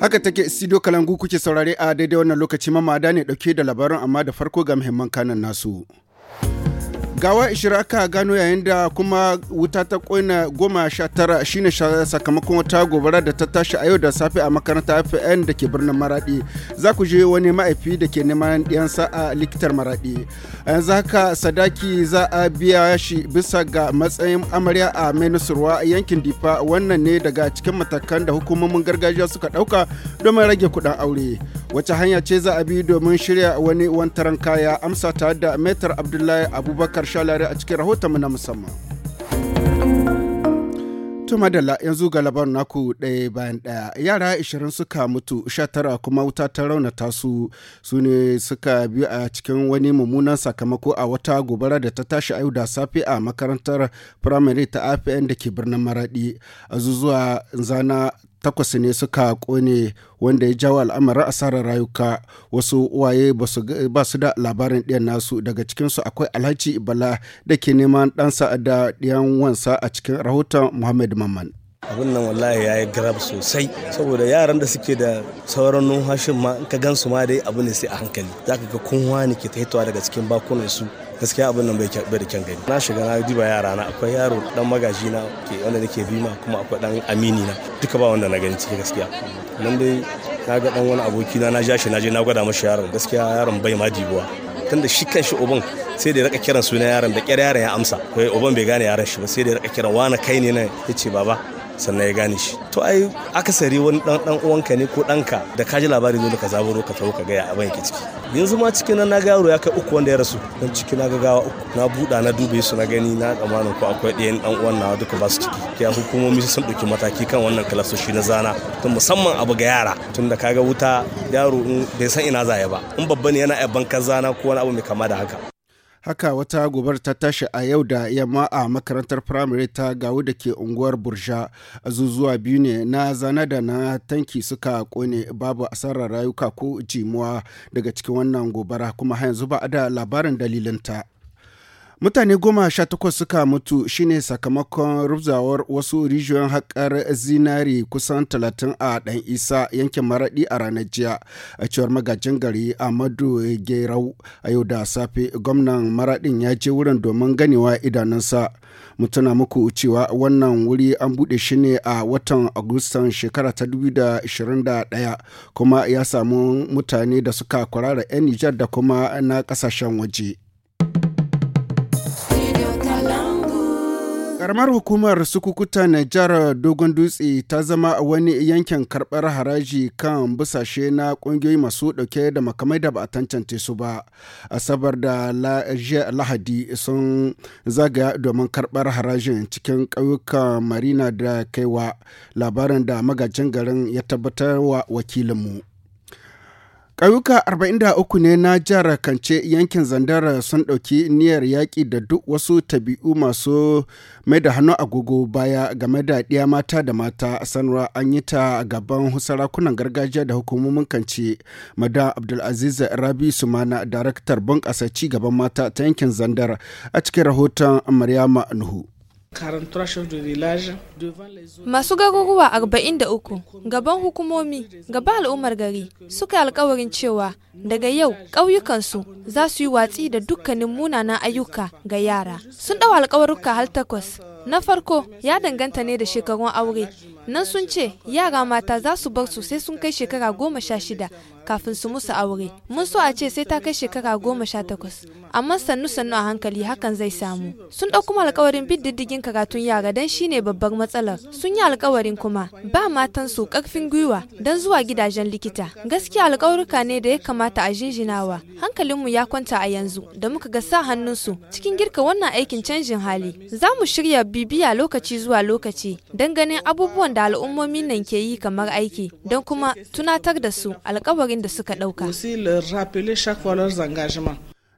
Haka take studio kalangu kuke saurare a daidai wannan lokaci mamada ne dauke da labarin amma da farko ga muhimman kanan nasu. gawa ishirin aka gano yayin da kuma wuta ta kona goma sha tara shine sakamakon wata gobara da ta tashi a yau da safe a makaranta fn da ke birnin maradi za ku je wani ma'aifi da ke neman ɗiyansa a likitar maradi a yanzu haka sadaki za a biya shi bisa ga matsayin amarya a menusurwa yankin difa wannan ne daga cikin matakan da hukumomin gargajiya suka ɗauka domin rage kuɗin aure wacce hanya ce za a bi domin shirya wani wantaran kaya amsa tare da metar abdullahi abubakar shalari a cikin rahotonmu na musamman tuma da yanzu ga labar naku ɗaya bayan ɗaya yara 20 suka mutu 19 kuma wuta ta raunata su su ne suka biyu a cikin wani mummunan sakamako a wata gobara da ta tashi ayu da safe a makarantar firamare ta afn da ke birnin maradi azuzuwa zana takwas ne suka kone wanda ya jawo al'amarin asarar rayuka wasu uwaye ba su da labarin ɗiyan nasu daga cikinsu akwai alhaji ibala da ke neman ɗansa da ɗiyan wansa a cikin rahoton muhammad mamman abin nan wallahi ya yi garab sosai saboda yaran da suke da sauran numfashin ma ka gansu ma dai abu ne sai a hankali za ka ga kunwa ne ke ta hitowa daga cikin bakunan su gaskiya abin nan bai da kyan gani na shiga na diba yara na akwai yaro dan magaji na ke wanda nake bima kuma akwai dan amini na duka ba wanda na gani cikin gaskiya nan dai na ga dan wani aboki na na ja shi na je na gwada mashi yaron gaskiya yaron bai ma dibuwa tunda shi kan shi uban sai da ya raka kiran sunan yaron da kyar yaron ya amsa kai uban bai gane yaron shi ba sai da ya raka kiran wani kai ne na yace baba sannan ya gane shi to ai akasari wani dan dan uwanka ne ko danka da ka ji labari zo ka zaburo ka tawo ka ga ya abin yake ciki yanzu ma cikin nan na ga yaro ya kai uku wanda ya rasu dan ciki na gagawa uku na buɗa na dube su na gani na tsammanin ko akwai ɗayan dan uwan na duka ba su ciki ya hukumomi sun dauki mataki kan wannan kalasoshi na zana tun musamman abu ga yara tun da kaga wuta yaro bai san ina zaya ba in babba ne yana iya bankan zana ko wani abu mai kama da haka haka wata gobar ta tashi a yau da yamma a makarantar firamare ta gawu da ke unguwar burja azuzuwa biyu ne na zana da na tanki suka kone babu asarar rayuka ko jimuwa daga cikin wannan gobara kuma yanzu ba a da labarin dalilinta. Mutane goma sha takwas suka mutu shine sakamakon rubzawar wasu rijiyoyin haƙar zinari kusan talatin a ɗan isa yankin maraɗi a ranar jiya a cewar magajin gari amadu Gerau a yau da safe gwamnan maraɗin ya je wurin domin ganewa idanunsa. Mutuna muku cewa wannan wuri an buɗe shi ne a watan Agustan shekara ta 2021 kuma ya samu mutane da suka kwarara 'yan Nijar da kuma na ƙasashen waje. Karamar hukumar sukukuta Nijar Dogon Dutse ta zama a wani yankin karɓar haraji kan busashe na ƙungiyoyi masu ɗauke da makamai da ba a tantance su ba. Asabar da Lahadi sun zagaya domin karɓar harajin cikin ƙauyuka Marina da Kaiwa labarin da magajin garin ya tabbatar wa wakilinmu. Ƙauyuka 43 ne na jihar Kance yankin Zandara sun ɗauki niyyar yaƙi da duk wasu tabi'u masu mai da hannu agogo baya game da ɗiya mata da mata sanwa an yi ta gaban sarakunan gargajiya da hukumomin Kance. Madan Abdulaziz Rabi Sumana, daraktar bunƙasa ci gaban mata ta yankin Zandar a cikin rahoton Maryama Nuhu. Masu garuruwa 43 gaban hukumomi gaba al'ummar gari suka alkawarin cewa daga yau ƙauyukansu za su yi watsi da dukkanin munanan ayyuka ga yara. Sun ɗau alkawarruka har takwas. Na farko ya danganta ne da shekarun aure. Nan sun ce yara mata za su bar su sai sun kai shekara goma sha shida kafin su musu aure mun so a ce sai ta kai shekara goma sha takwas amma sannu sannu a hankali hakan zai samu sun ɗau kuma alkawarin bin diddigin karatun yara don shine babbar matsalar sun yi alkawarin kuma ba matan su karfin gwiwa don zuwa gidajen likita gaskiya alkawarka ne da ya kamata a jinjinawa hankalinmu ya kwanta a yanzu da muka ga sa hannunsu cikin girka wannan aikin canjin hali za mu shirya bibiya lokaci zuwa lokaci don ganin abubuwan da al'ummomin nan ke yi kamar aiki don kuma tunatar da su alkawarin da suka ɗauka.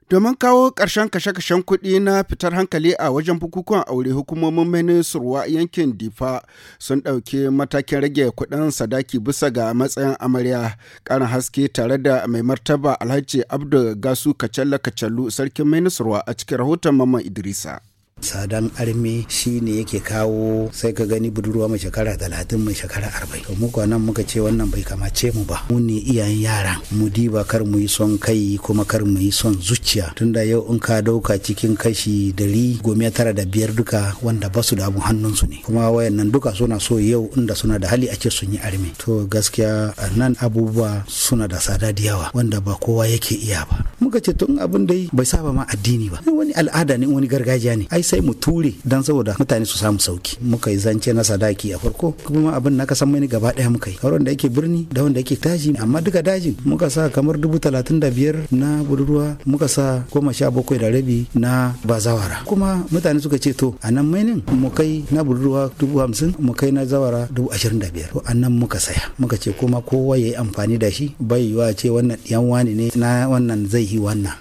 Domin kawo ƙarshen kashe-kashen kuɗi na fitar hankali a wajen bukukuwan aure hukumomin surwa yankin Difa sun ɗauki matakin rage kuɗin sadaki bisa ga matsayin amarya ƙarin haske tare da mai martaba Alhaji Abdul Gasu Kacalla Kacallu sarkin surwa a cikin rahoton Mamman Idrisa. sadan arme shi ne yake kawo sai ka gani budurwa mai shekara talatin mai shekara arba'in to muka nan muka ce wannan bai kamace mu ba mu ne iyayen yara mu diba kar mu yi son kai kuma kar mu yi son zuciya tunda yau in ka dauka cikin kashi dari goma tara da biyar duka wanda ba su da abun su ne kuma nan duka suna so yau inda suna da hali a ce sun yi arme to gaskiya a nan abubuwa suna da tsada da yawa wanda ba kowa yake iya ba muka ce tun abin dai bai saba ma addini ba wani al'ada ne wani gargajiya ne ai sai mu ture dan saboda mutane su samu sauki muka yi zance na sadaki a farko kuma abin na kasan mani gaba daya muka yi kawai wanda yake birni da wanda yake daji amma duka dajin muka sa kamar dubu talatin da biyar na budurwa muka sa goma sha bakwai da rabi na bazawara kuma mutane suka ce to a nan mainin mu kai na budurwa dubu hamsin mu kai na zawara dubu ashirin da biyar to a nan muka saya muka ce kuma kowa ya yi amfani da shi bai yiwa ce wannan yan wani ne na wannan zai yi wannan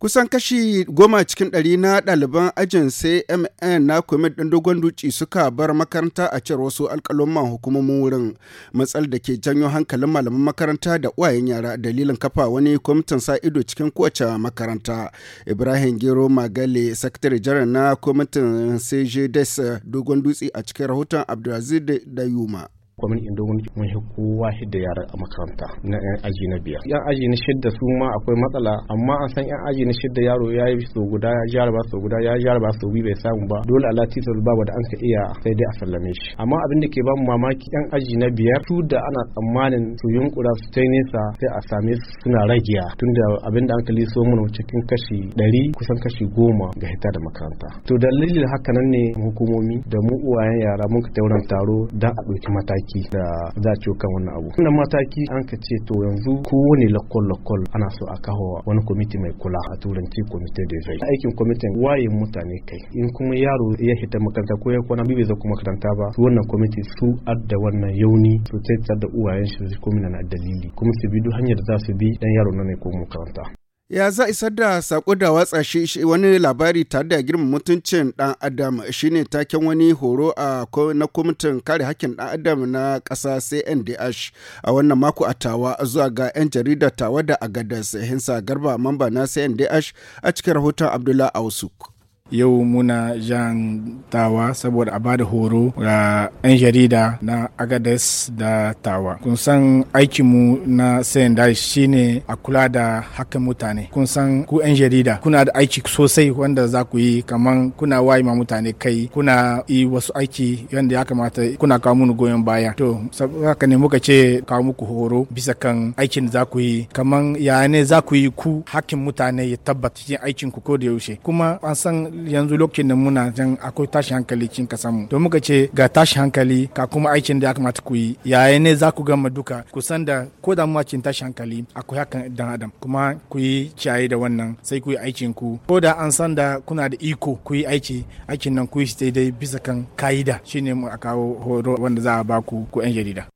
Kusan kashi goma cikin ɗari na ɗaliban ajin CMN na kwamit ɗin dogon duci suka bar makaranta a cewar wasu alƙalumman hukumomin wurin matsal da ke janyo hankalin malaman makaranta da uwayen yara dalilin kafa wani kwamitin sa ido cikin kowace makaranta. Ibrahim Gero Magale, sakatare jiran na kwamitin cgds dogon dutse a cikin rahoton Abdulaziz Dayuma. kwamin indo mun ko kowa shidda yara a makaranta na yan aji na biyar yan aji na shidda su ma akwai matsala amma an san yan aji na shidda yaro ya yi so guda ya ba so guda ya ba so biyu bai samu ba dole a latisa ba da an ka iya sai dai a sallame shi amma abin da ke ba mamaki yan aji na biyar su da ana tsammanin su yunkura su ta nesa sai a same su suna ragiya da abin da an ka liso mana cikin kashi ɗari kusan kashi goma ga hita da makaranta to dalilin haka ne hukumomi da mu uwayen yara mun ka tauran taro don a ɗauki mataki aiki da za a kan wannan abu wannan mataki an ka ce to yanzu kowane lakol lakol ana so a kawo wani kwamiti mai kula a turanci kwamitin da zai aikin kwamitin wayin mutane kai in kuma yaro ya hita makaranta ko ya kwana bai zai kuma makaranta ba su wannan kwamiti su adda wannan yauni su tattar da uwayen shi su kuma na dalili kuma su bi duk hanyar da za su bi dan yaro na ne ko makaranta Ya za isar da saƙo da watsa shi wani labari tare da girma mutuncin ɗan adam shine taken wani horo a na kwamitin kare hakkin ɗan adam na ƙasa CNDH a wannan mako a tawa zuwa ga 'yan jarida tawa da agadas hinsa garba mamba na CNDH a cikin rahoton Abdullah Ausuk. yau muna jan tawa saboda a bada horo ga 'yan jarida na agades da tawa kun san aikinmu na sayanda shine a kula da hakan mutane kun san ku 'yan jarida kuna da aiki sosai wanda za ku yi kamar kuna wayi ma mutane kai kuna yi wasu aiki yadda ya kamata kuna kawo mu goyon baya to haka ne muka ce kawo muku horo bisa kan aikin da za ku yi kamar ya ne za ku yi ku hakin mutane ya tabbata cikin aikin ku ko da yaushe kuma an san yanzu lokacin da muna jan akwai tashi hankali cikin kasan mu to muka ce ga tashi hankali ka kuma aikin da ya kamata ku yi yaya ne za ku gama duka ku san da ko da mu cikin tashi hankali akwai hakan dan adam kuma ku yi ciyaye da wannan sai ku yi aikin ku ko da an san da kuna da iko ku yi aiki aikin nan ku yi shi daidai bisa kan ka'ida shine mu a kawo horo wanda za a ba ku ku yan jarida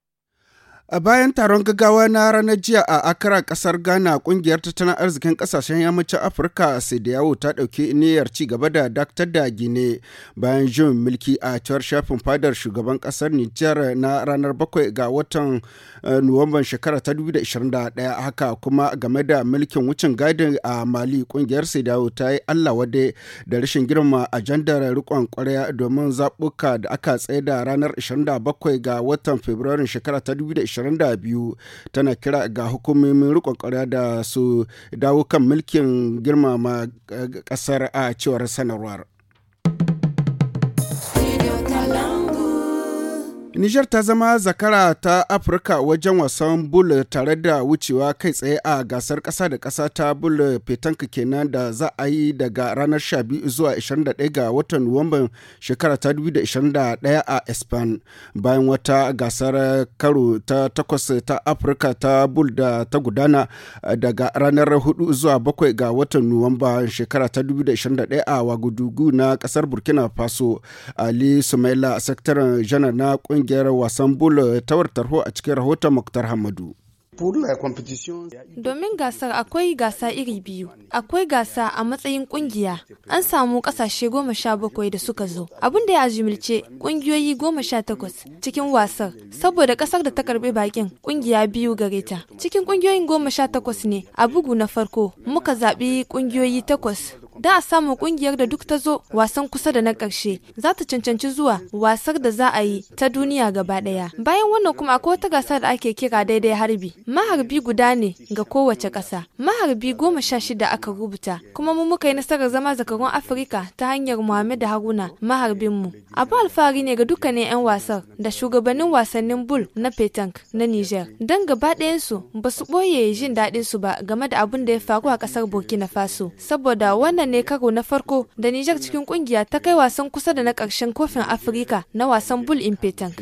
A bayan taron gaggawa na ranar jiya a akara kasar Ghana kungiyar tattalin arzikin kasashen yammacin Afirka Sidiyawo ta ɗauki niyyar ci gaba da daktar da gine bayan jin mulki a cewar shafin fadar shugaban kasar Nijar na ranar 7 ga watan eh, Nuwamban shekara ta 2021 haka kuma game da mulkin wucin gadin a Mali kungiyar Sidiyawo ta yi Allah wade da rashin girma ajandar rikon kwarya domin zaɓuka da aka tsaye da ranar 27 ga watan Fabrairun shekara ta 2021 2022 tana kira ga hukumomin rikon ƙwarya da su dawo kan mulkin girmama eh, ƙasar a cewar sanarwar. Nijar ta zama zakara ta Afirka wajen wasan bul tare da wucewa kai tsaye a gasar ƙasa da ƙasa ta bul petanka kenan da za a yi daga ranar 12 zuwa 21 ga watan Nuwamban shekara ta 2021 a Espan. Bayan wata gasar karo ta takwas ta Afirka ta bul da ta gudana daga ranar 4 zuwa 7 ga watan Nuwamba shekara ta 2021 a Wagudugu na ƙasar Burkina Faso. Ali Sumaila, Sakataren Janar na kungiyar wasan bulo tawar tarho a cikin rahoton Muktar Hamadu. Domin gasar akwai gasa iri biyu, akwai gasa a matsayin kungiya, an samu kasashe goma sha bakwai da suka zo. Abin da ya ajimilce kungiyoyi goma sha takwas cikin wasar, saboda kasar da ta karbe bakin kungiya biyu gare ta. Cikin kungiyoyin goma sha takwas ne a bugu na farko muka zaɓi kungiyoyi takwas da a samu kungiyar da duk ta zo wasan kusa da na ƙarshe za ta cancanci zuwa wasar da za a yi ta duniya gaba ɗaya. Bayan wannan kuma akwai wata gasa da ake kira daidai harbi. Maharbi guda ne ga kowace ƙasa. Maharbi goma sha shida aka rubuta kuma mu muka yi nasarar zama zakarun Afirka ta hanyar da Haruna maharbin mu Abu alfahari ne ga dukkanin 'yan wasar da shugabannin wasannin bul na petank na Niger. Don gaba ɗayansu ba su ɓoye jin daɗinsu ba game da abin da ya faru a ƙasar Burkina Faso saboda wannan ne kago na farko da Nijar cikin kungiya ta kai wasan kusa da na ƙarshen kofin Afirka na wasan Bull in Petang.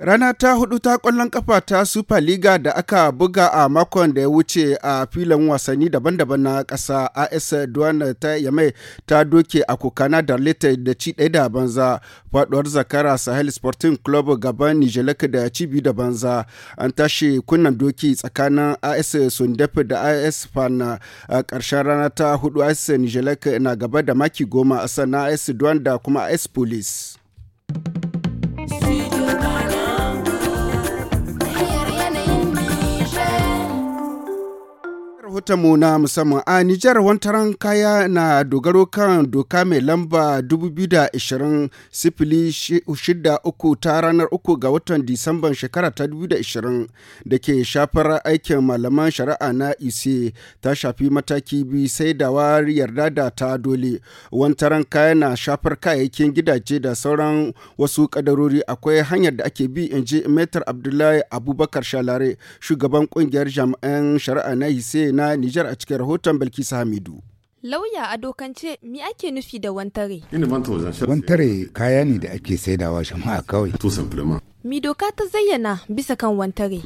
Rana ta hudu ta kwallon kafa ta Super League da aka buga a makon da ya wuce a filin wasanni daban-daban na ƙasa AS Duwana ta Yamai ta doke a kokana da Leta da ci ɗaya da banza faduwar zakara Sahel Sporting Club gaban Nijelek da ci biyu da banza an tashi kunnan doki tsakanin AS Sundep da AS Fan a ƙarshen rana ta hudu AS Nijelek na gaba da maki goma sannan AS Duwana da kuma AS Police. rahotonmu na musamman a Nijar wantaran kaya na dogaro kan doka mai lamba 2020-63 ta ranar 3 ga watan Disamban shekara ta 2020 da ke shafar aikin malaman shari'a na ise ta shafi mataki biyu sai da yarda da ta dole. Wantaran kaya na shafar kayayyakin gidaje da sauran wasu kadarori akwai hanyar da ake bi in ji Metar Abdullahi Abubakar Shalare shugaban kungiyar jami'an shari'a na ise na Nijar a cikin rahoton Bilkisu Hamidu. Lauya a dokance mi ake nufi da wantare? Wantare kaya ne da ake saidawa a kawai. Mi doka ta zayyana bisa kan wantare.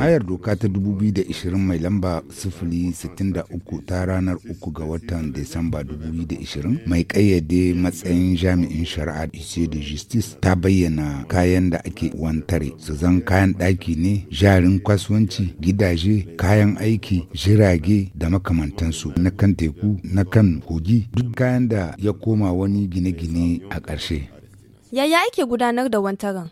Ayar doka ta 2020 mai lamba 063 ta ranar 3 ga watan Disamba 2020 mai kayyade matsayin jami'in shari'a Ice da Justice ta bayyana kayan da ake wantare su zan kayan ɗaki ne, jarin kwasuwanci gidaje, kayan aiki, jirage da makamantansu na kan teku, na kan kogi duk kayan da ya koma wani gine-gine a ƙarshe. Yaya ake gudanar da wantaran?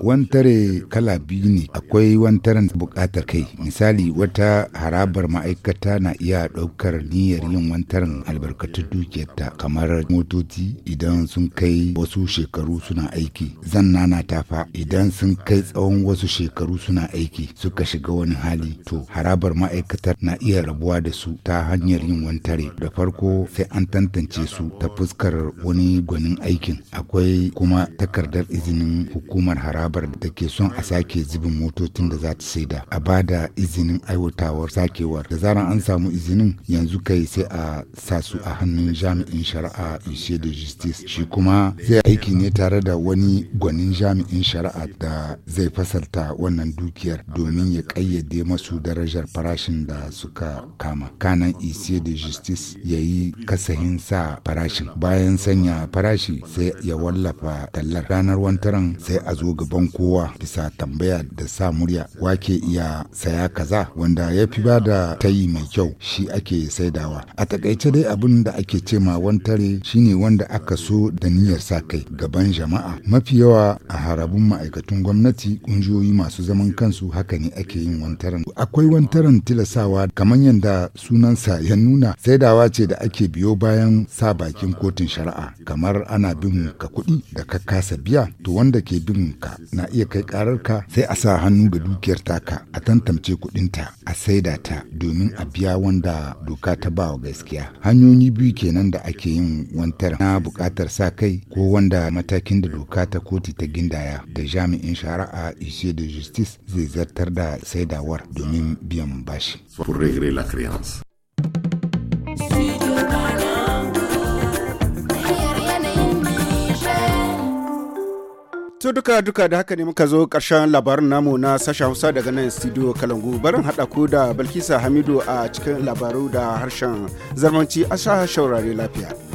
wantare kala biyu ne akwai wantaren bukatar kai misali wata harabar ma'aikata na iya ɗaukar niyyar yin wantaren albarkatun dukiyarta kamar motoci idan sun kai wasu shekaru suna aiki zanna na tafa idan sun kai tsawon wasu shekaru suna aiki suka shiga wani hali to harabar ma'aikatar na iya rabuwa da su ta hanyar yin wantare da farko sai an tantance su ta fuskar wani gwanin aikin akwai kuma takardar izinin hukuma hukumar harabar da ke son a sake zubin motocin da za ta saida a ba da izinin aiwatawar sakewar da zaran an samu izinin yanzu kai sai a sa su a hannun jami'in shari'a ishe da justice shi kuma zai aiki ne tare da wani gwanin jami'in shari'a da zai fasalta wannan dukiyar domin ya kayyade masu darajar farashin da suka kama kanan ishe da justice ya yi kasahin sa farashin bayan sanya farashi sai ya wallafa tallar ranar wantaran sai a zo gaban kowa bisa tambaya da sa murya wake iya saya kaza wanda ya fi ba da tayi mai kyau shi ake saidawa a takaice dai abin da ake ce ma wantare shine wanda aka so da niyyar sa kai gaban jama'a mafi yawa a harabun ma'aikatun gwamnati kungiyoyi masu zaman kansu haka ne ake yin wantaren akwai wantaren tilasawa kamar yadda sunansa ya nuna saidawa ce da ake biyo bayan sa bakin kotun shari'a kamar ana bin ka kuɗi da ka kasa biya to wanda ke bin ka na iya kai kararka sai a sa hannu ga dukiyar taka a tantance kudinta a saida ta domin a biya wanda doka ta ba wa gaskiya hanyoyi biyu kenan da ake yin wantar na bukatar sa kai ko wanda matakin da doka ta koti ta gindaya da jami'in shari'a ishe da justice zai zartar da saidawar domin biyan bashi. Pour la créance. To duka duka da haka ne muka zo karshen labarin namu na sashen Hausa daga nan studio Kalangu barin haɗa ku da balkisa Hamidu a cikin labaru da harshen zamanci a sha shaurare lafiya.